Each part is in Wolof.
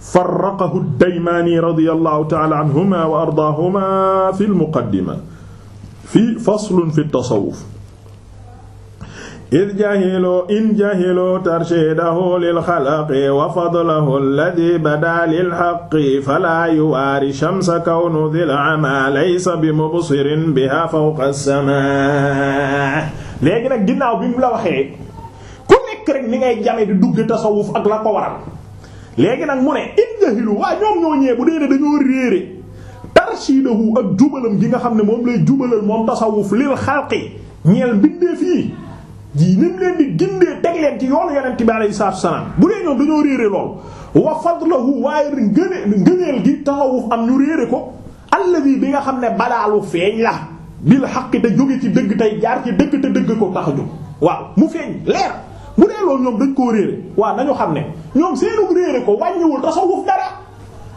farraqahu ad-Daymaani radiyallahu ta'ala anhuma wa ardaahuma fi al-muqaddima fi faslun fi at-tasawwuf إذ جهلوا إن جهلوا ترشيده للخلق وفضله الذي بدا للحق فلا يواري شمس كون ذي العمى ليس بمبصر بها فوق السماء léegi nag ginnaaw bi mu la waxee ku nekk rek ni ngay jame di dugg tasawuf ak la ko waral léegi nag mu ne in jahilu waa ñoom ñoo ñee bu dee ne dañoo réere tarshidahu ak jubalam ji nga xam ne moom lay jubalal moom tasawuf lil xalqi ñeel mbindeef yi ji nim leen di gindee teg leen ci yoonu yonent bi alayhi salaatu wasalaam bu dee ñoom dañoo réere lool wa fadlahu waaye ngëne ngëneel gi tasawuf am ñu réere ko alladi bi nga xam ne badaalu feeñ la bil xaqi te jóge ci dëgg tey jaar ci dëgg te dëgg ko tax a jóg waaw mu feeñ leer bu dee loolu ñoom dañ koo réere waaw nañu xam ne ñoom seenu réer ko wàññiwul tasawuf dara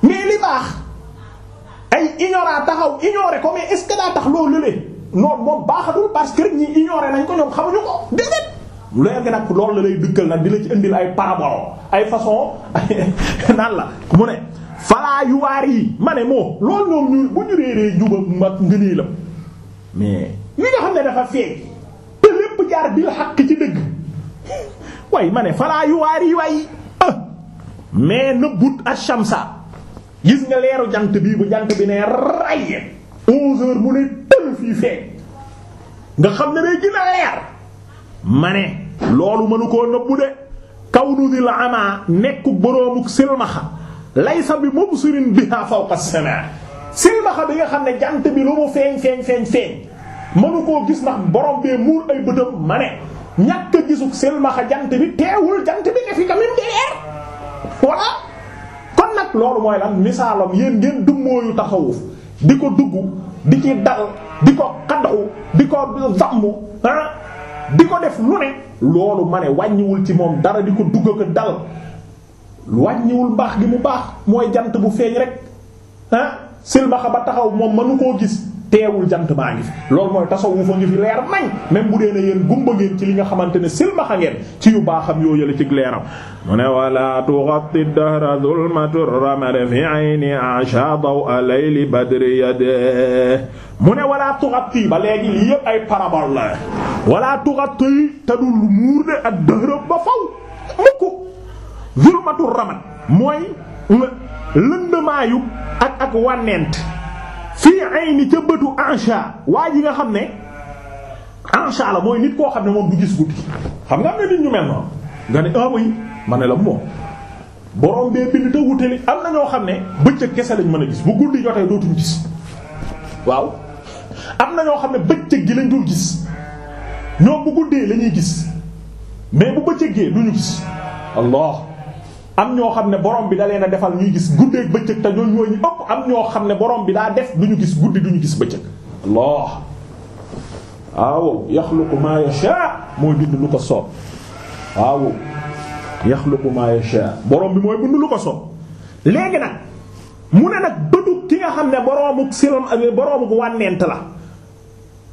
mais li baax ay ignorant taxaw ignoré ko mais est-ce tax loolu lële baaxatul parce que rek ñi ignoré nañ ko ñoom xamuñu ko déedéet léegi nag la lay dëkkal nag di la ci indil ay parabole ay façon nan la mu ne falaa yu waar yi ma ne moo loolu ñoom ñu bu ñu réeree jubam ak ngëneelam mais li nga xam ne dafa feeñ te lépp jaar bil xaq ci dëgg way ma ne falaa yu waar yi way ah. mais nëbbut ash gis nga leeru jant bii bu jant bi nee ray onze mu ne tël fii feeñ nga xam ne day gën a leer ma ne loolu mënu koo nëbbu de kawnu dil ama nekku boroomuk silmaxa laysa bi mubsirin biha fawqa as-samaa silmaxa bi nga xam ne jant bi lu mu feeñ feeñ feeñ mënu koo gis ndax borom bee muur ay bëtam ma ne ñàkk a gisug selmaxa jant bi teewul jant bi ne fi quand même derrière voilà kon nag loolu mooy lan misaalam yéen ngeen dummóoyu taxawuf di ko dugg di ci dal di ko xaddaxu di ko zamm ah di ko def lu wàññiwul ci moom dara di ko dugg a wàññiwul mbaax gi mu baax mooy jant bu feeñ rek ah silmaxa ba taxaw moom mënu koo gis teewul jant baa ngi fi loolu mooy tasawufa ngi fi leer nañ même bu dee ne yéen gumba ngeen ci li nga xamante ne silmaxa ngeen ci yu baaxam yoo yële ci leeram mu ne wala tughatti dahra zulmatur ba léegi lii yëpp ay parabole la wala tughatti te dul muur de ak dahra ba faw mukk zulmatur ramad mooy lëndëmaayu ak ak wànneent fii ayni ca bëtu ansha waa ji nga xam ne ansha la mooy nit koo xam ne moom du gis guddi xam nga am na nit ñu mel noonu nga ne ah oui ma ne la moom borom bee bind te am na ñoo xam ne bëccëg kese lañ mën a gis bu guddi jotee dootuñ gis waaw am na ñoo xam ne bëccëg gi lañ dul gis ñoom bu guddee lañuy gis mais bu bëccëgee du ñu gis allah am ñoo xam ne boroom bi da leen a defal ñuy gis guddeeg bëccëg te ñooñu ñu ëpp am ñoo xam ne boroom bi daa def du gis guddi du ñu gis bëccëg. Allah waaw yaxluqu maa yashaa mooy bind lu ko soob waaw yaxluqu maa yashaa borom bi mooy bind lu ko soob léegi nag mu ne nag bëtu ki nga xam ne boroomu silam boroomu wànnent la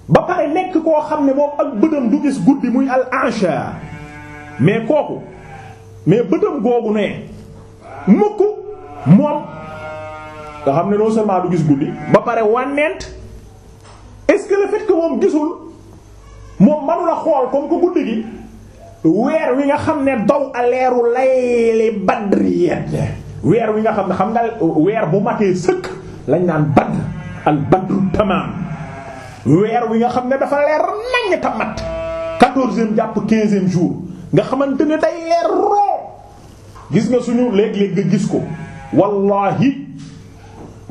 ba pare nekk koo xam ne moom ak bëtam du gis guddi muy al ansha mais kooku. mais bëtam googu ne mukk moom nga xam ne non seulement du gis guddi ba pare wànneent est-ce que le que moom gisul moom manu la xool comme ko guddi gi weer wi nga xam ne daw a leeru layli badriyat weer wi nga xam ne xam nga weer bu matee sëkk lañ naan badr al badru tamaam weer wi nga xam ne dafa leer nañ ta mat quatorzième jàpp quinzième jour nga xamante ne day leer gis nga suñu léeg-léeg nga gis ko wallahi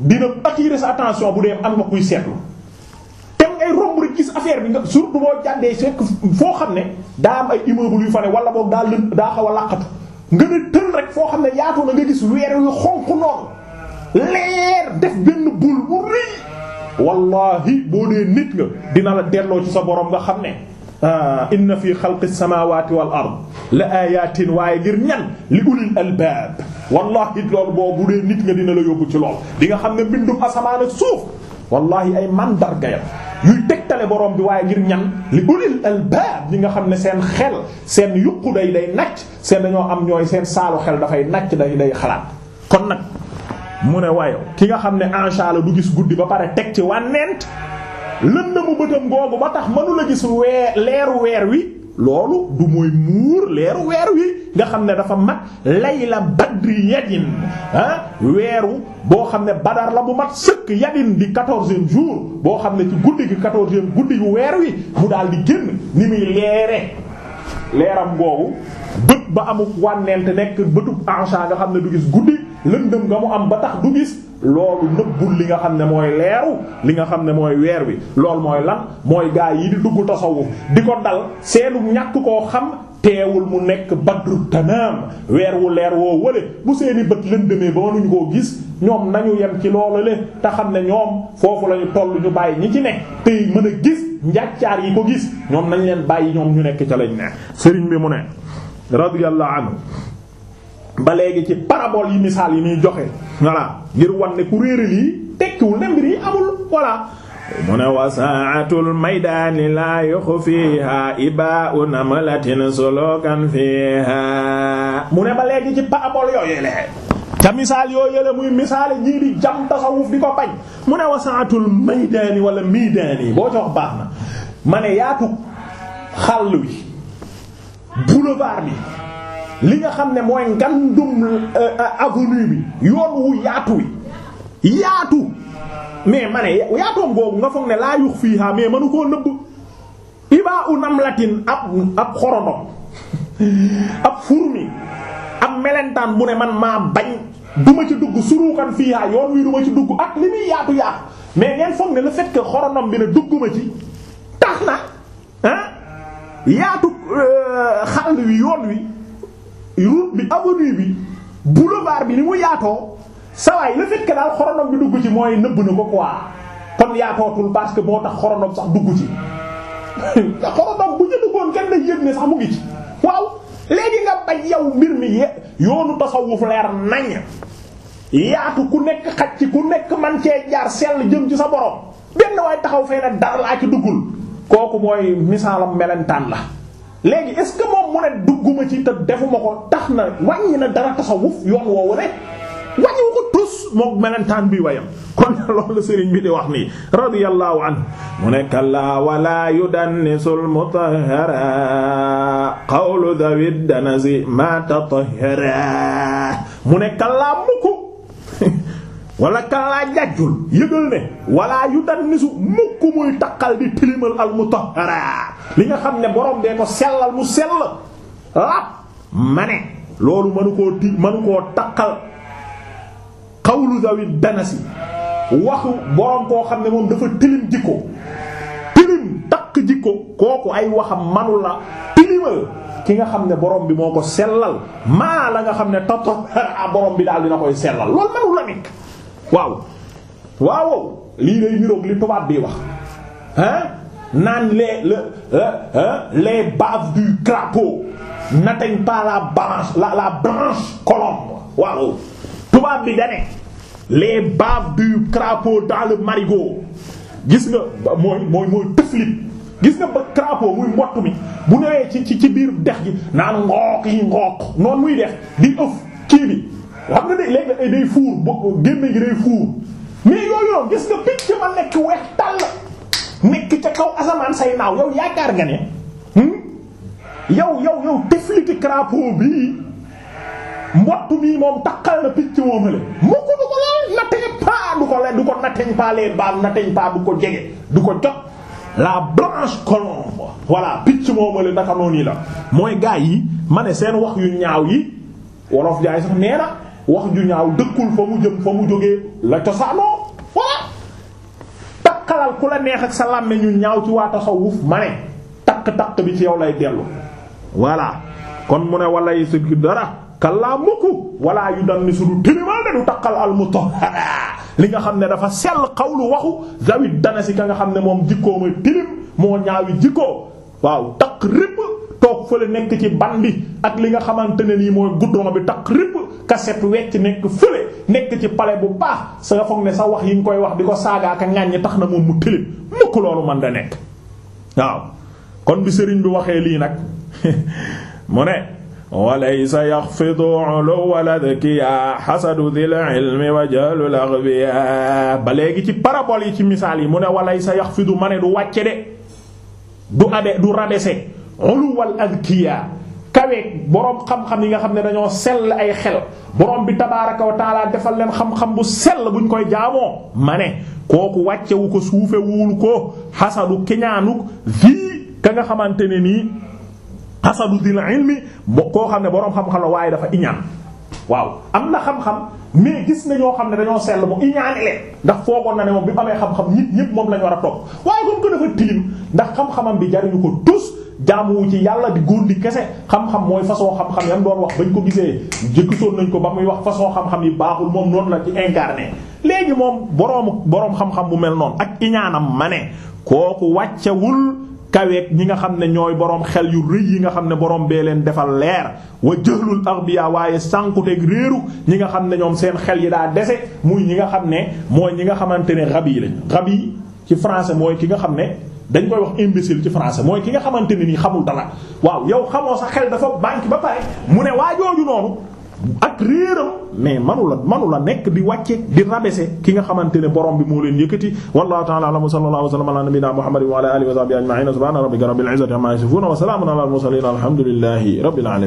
dina attirer sa attention bu dee am nga kuy seetlu te ngay romb rek gis affaire bi nga surtout boo jàndee fekk foo xam ne daa am ay immeuble yu fa ne wala boog daa lën daa xaw a làqatu nga ne tën rek foo xam ne yaatu na nga gis weer yu xonq noonu leer def benn bul bu rëy wallahi boo dee nit nga dina la delloo ci sa boroom nga xam ne inna fi xalqi samawati wal ard la ayatin waaye ngir ñan li ulil albaab wallahi loolu boobu dee nit nga dina la yóbbu ci lool di nga xam ne mbindum asamaan ak suuf wallahi ay mandarga ya yuy tegtale borom bi waaye ngir ñan li ulil albaab ñi nga xam ne seen xel seen yuqu day day nacc seen dañoo am ñooy seen saalu xel dafay nacc day day xalaat kon nag mu ne waaye ki nga xam ne encha la du gis guddi ba pare teg ci wànneent lën na mu bëtam googu ba tax mënu la gis weer leeru weer wi loolu du mooy muur leeru weer wi nga xam ne dafa mat layla badri yadin ah weeru boo xam ne badar la bu mat sëkk yadin di quatorzième jour boo xam ne ci guddi gi quatorzième guddi yu weer wi mu daal di génn ni muy leere leeram googu bët ba amuk wànnent nekk bëtub ansa nga xam ne du gis guddi lëndëm nga mu am ba tax du gis loolu nëbbul li nga xam ne mooy leeru li nga xam ne mooy weer wi loolu mooy lan mooy gaa yi di dugg tasawuf di ko dal seenu ñàkk koo xam teewul mu nekk badru tanaam weer wu leer woo wële bu seeni bët lëndëmee ba mënuñu koo gis ñoom nañu yem ci loolu le te xam ne ñoom foofu lañu tollu ñu bàyyi ñi ci ne tey mën a gis njàccaar yi ko gis ñoom nañ leen bàyyi ñoom ñu nekk ca lañ ne sëriñ bi mu ne radiyallahu anhu ba léegi ci parabole yi misaal yi muy joxe voilà ngir wan ne ku réere lii tekkiwul ne mbir yi amul voilà mu ne wasaatul maydaani laa yoxu fiiha iba u namalatin solokan fiiha mu ne ba léegi ci parabole yooyu le ca misaal yoo yële muy misaal ñii di jam tasawuf di ko bañ mu ne wasaatul maydaani wala miidaani boo ca wax baax na ma ne yaatu xàll wi boulevard bi li nga xam ne mooy ngandum euh, euh, avenue bi yoon wu yaatu wi yaatu mais ma ne yaatoom boobu nga foog ne laa yux fii ha mais mënu koo nëbb ibaa u namlatin ab ab xorondom ab fourmi ab melentaan bu ne man maa bañ duma ci dugg suruukan fii ha yoon wi duma ci dugg at li muy yaatu yaatu mais ngeen foog ne le fait xorondom bi ne dugguma ci tax na ah yaatu euh, xal wi yoon wi route bi avenue bi boulevard bi ni mu yaatoo sawaay la fekk daal xoronom bi dugg ci mooy nëbb na ko quoi kon yaatootul parce que moo tax xoronom sax dugg ci xoronom bu ñu duggoon kenn day yëg ne sax mu ngi ci waaw léegi nga bañ yow mbir mi ye yoonu tasawuf leer nañ yaatu ku nekk xaj ci ku nekk man cee jaar sell jëm ci sa borom benn waay taxaw fee ne dara laa ci duggul kooku mooy misaalam mellentaan la léegi est-ce que moom mu ne dugguma ci te defuma ko tax na wàññi na dara tasawuf yoon woowu rek wàññiwu ko tus mook melentaan bi wayam kon loolu sëriñ bi di wax nii radiyallahu anhu mu ne kallaa wala yudannisul mutahhara qawlu dawid danasi ma tatahhara mu ne kallaa mukku wala kallaa jàjjul yëgal ne wala yu dannisu mukk muy taqal di tilimal al mutahhara li nga xam ne borom dee ko sellal mu sell lap ah, ma loolu mënu koo ti mënu koo taqal xawlu dawi danasi koo xam ne moom dafa tilim jikko tilim takk kooku ay waxam manu la tilimal ki nga xam ne borom bi moo ko sellal maa la nga xam ne tatahara borom bi daal dina koy sellal loolu manu la waaw waaw lii day niroog li tubaab bi wax hein naan les le les baves du crapaud n'atteignent pas la branche la la branche colombe waaw tubaab bi dane les baves du crapaud dans le marigot gis nga mooy mooy mooy tëflit gis nga ba crapaud muy mott mi bu newee ci ci ci biir dex gi naan ngooq yi ngooq noonu muy def di ëf kii bi xam na day léegi day fuur boo génne gi day fuur mais yooyu noonu gis nga picc ma nekk weex tàll nekk ca kaw asamaan say naaw yow yaakaar nga ne hmm? yow yow yow tefliti crapaud bii mbottu bii moom takkal na picc moomale mu ko du ko lool nateñ paa du ko le du ko nateñ paa leen baal nateñ paa du ko jege du ko jot la blanche colombe voilà picc moomale naka noonu la mooy gaa yi ma seen wax yu ñaaw yi wolof jaay sax nee wax ju ñaaw dëkkul fa mu jëm fa mu jógee la cosaanoo voilà ku la neex ak sa ñaaw ci waa tasawuf ma ne takk-takk bi ci yow lay dellu voilà kon mu ne wala yi su yu dan ni sudu tilimaane du li nga xam ne dafa sell xawlu waxu zawit dana si nga xam ne moom jikkoo mooy tilim moo ñaawi jikkoo waaw takk toog fële nekk ci ban bi ak li nga xamante ne nii mooy goudron bi takk ripp set wecc nekk fële nekk ci palais bu baax sa nga foog ne sa wax yi nga koy wax di ko saagaaka ŋàññi tax na moom mu tëlim mukk loolu man da nekk waaw kon bi sëriñ bi waxee lii nag mu ne walaysa yaxfidu uluwwal adkiya xasadu ci parabole yi ci misaal yi mu ne walaysa yaxfidu ma ne du wàcce de du abe du rabese uluwwal adkiya kaweeg boroom xam-xam yi nga xam ne dañoo sell ay xel boroom bi tabaaraka wa taala defal leen xam-xam bu sell buñ koy jaamoo ma ne kooku wàccewu ko suufewul ko xasadu kiñaanuk fii ka nga xamante ne nii xasadu dil ilmi koo xam ne boroom xam-xam la waaye dafa iñaan waaw am na xam-xam mais gis na ñoo xam ne dañoo sell mu iñaani leen ndax foogoon na ne moom bi mu amee xam-xam nit ñépp moom lañu war a topp waaye comme que dafa tilim ndax xam-xamam bi jariñu ko tus jaamuwu ci yàlla di góor di kese xam-xam mooy façon xam-xam yam doon wax bañ ko gisee jëkkisoon nañ ko ba muy wax façon xam-xam yi baaxul moom noonu la ci incarné léegi moom boroomu boroom xam-xam bu mel noonu ak iñaanam ma ne kooku wàccewul kaweeg ñi nga xam ne ñooy boroom xel yu rëy yi nga xam ne boroom bee leen defal leer wa jëxlul arbiya waaye sànkuteeg réeru ñi nga xam ne ñoom seen xel yi daa dese muy ñi nga xam ne mooy ñi nga xamante ne rab yi lañ rab yi ci français mooy ki nga xam ne dañ koy wax imbécile ci français mooy ki nga xamante ni nii xamul dara waaw yow xamoo sa xel dafa banque ba pare mu ne waa jooju noonu ak réeram mais manu la nekk di wàcce di rabaisser ki nga xamante ne borom bi moo leen yëkkati wallahu ta'ala a'lam sallallahu wa sallam ala nabiyyina muhammadin wa ala alihi wa sahbihi ajma'in subhana rabbika rabbil izzati amma yasifun wa salamun al mursalin alhamdulillahi rabbil alamin